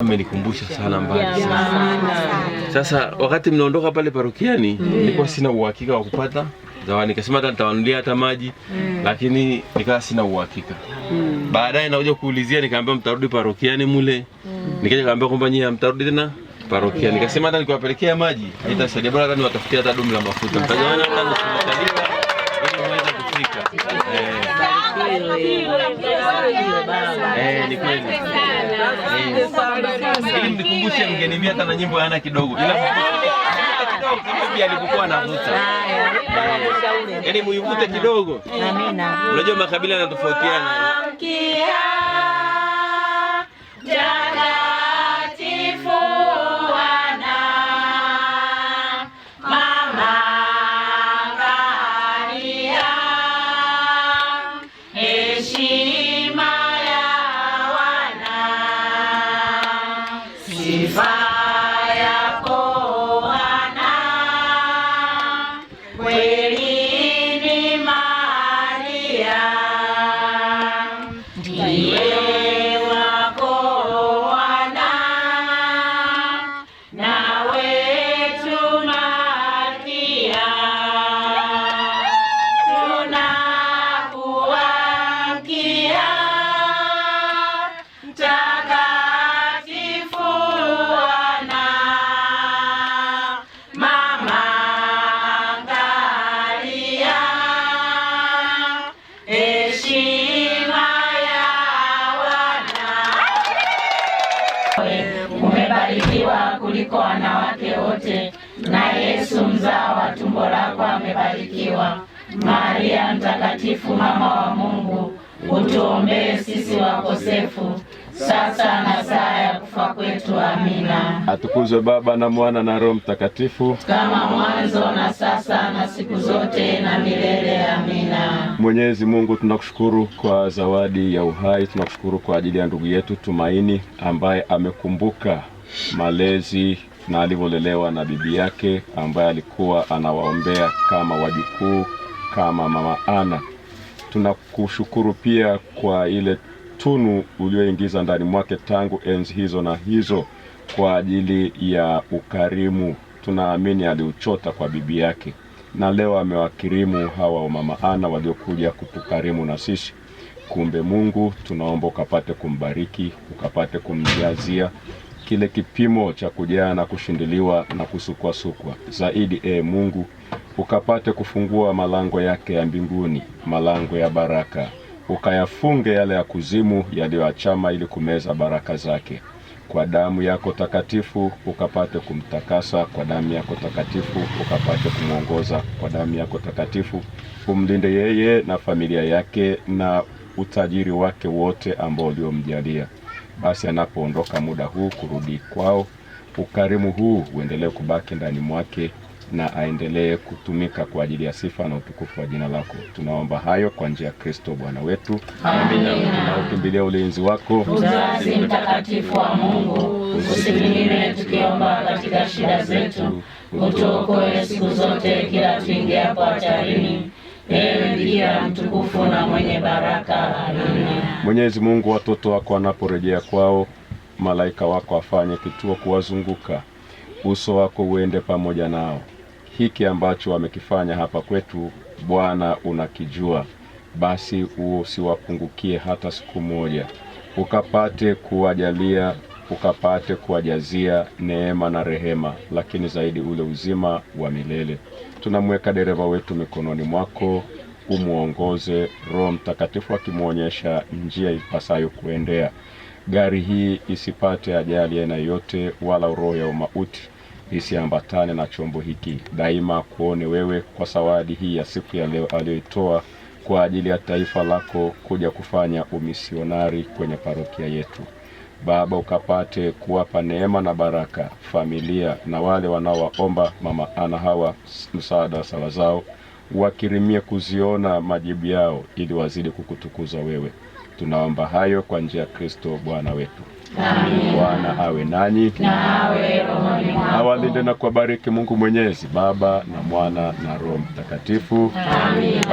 Amenikumbusha sana mbali yeah. sana. Sasa wakati mnaondoka pale parokiani, mm. nilikuwa sina uhakika wa kupata zawadi, nikasema hata nitawanulia hata maji, mm. lakini nikawa sina uhakika. Mm. Baadaye nakuja kuulizia, nikaambiwa mtarudi parokiani mule, nikaja kaambia kwamba nyinyi hamtarudi tena parokiani. yeah. Nikasema hata nikiwapelekea maji haitasaidia, bora hata niwatafutia hata dumu la mafuta, mtajawana hata nusu yeah. ili muweze kufika ni Ili mnikumbushe mgeni miaka na nyimbo yana kidogo eh. alikuwa anavuta eh. yaani, muivute kidogo. Unajua makabila yanatofautiana. Yesu mzao wa tumbo lako amebarikiwa. Maria mtakatifu, mama wa Mungu, utuombee sisi wakosefu, sasa na saa ya kufa kwetu. Amina. Atukuzwe Baba na Mwana na Roho Mtakatifu, kama mwanzo na sasa na siku zote na milele. Amina. Mwenyezi Mungu, tunakushukuru kwa zawadi ya uhai, tunakushukuru kwa ajili ya ndugu yetu Tumaini ambaye amekumbuka malezi na alivyolelewa na bibi yake ambaye alikuwa anawaombea kama wajukuu, kama mama Ana. Tunakushukuru pia kwa ile tunu ulioingiza ndani mwake tangu enzi hizo na hizo kwa ajili ya ukarimu. Tunaamini aliuchota kwa bibi yake, na leo amewakirimu hawa mama Ana waliokuja kutukarimu na sisi. Kumbe Mungu, tunaomba ukapate kumbariki, ukapate kumjazia kile kipimo cha kujaa na kushindiliwa na kusukwasukwa zaidi. E Mungu, ukapate kufungua malango yake ya mbinguni, malango ya baraka, ukayafunge yale ya kuzimu yaliyoachama ili kumeza baraka zake. Kwa damu yako takatifu ukapate kumtakasa, kwa damu yako takatifu ukapate kumwongoza, kwa damu yako takatifu umlinde yeye na familia yake na utajiri wake wote ambao uliomjalia basi anapoondoka muda huu kurudi kwao, ukarimu huu uendelee kubaki ndani mwake na aendelee kutumika kwa ajili ya sifa na utukufu wa jina lako. Tunaomba hayo kwa njia ya Kristo Bwana wetu, amina. Tunaukimbilia ulinzi wako, uzazi mtakatifu wa Mungu, usikinyime tukiomba katika shida zetu, utuokoe siku zote kila tuingiapo hatarini. Ewe Bikira mtukufu na mwenye baraka, amina. Mwenyezi Mungu, watoto wako wanaporejea kwao, malaika wako afanye kituo kuwazunguka, uso wako uende pamoja nao. Hiki ambacho wamekifanya hapa kwetu, Bwana unakijua, basi usiwapungukie hata siku moja, ukapate kuwajalia ukapate kuwajazia neema na rehema, lakini zaidi ule uzima wa milele. Tunamweka dereva wetu mikononi mwako umwongoze, Roho Mtakatifu akimwonyesha njia ipasayo kuendea. Gari hii isipate ajali aina yoyote, wala roho ya umauti isiambatane na chombo hiki. Daima kuone wewe kwa zawadi hii ya siku ya leo aliyoitoa kwa ajili ya taifa lako kuja kufanya umisionari kwenye parokia yetu. Baba, ukapate kuwapa neema na baraka familia na wale wanaowaomba Mama Ana hawa msaada wa sala zao wakirimie kuziona majibu yao ili wazidi kukutukuza wewe. Tunaomba hayo kwa njia ya Kristo Bwana wetu. Amen. Bwana awe nanyi na awe Awalinde na kuwabariki Mungu Mwenyezi, Baba na Mwana na Roho Mtakatifu. Amen.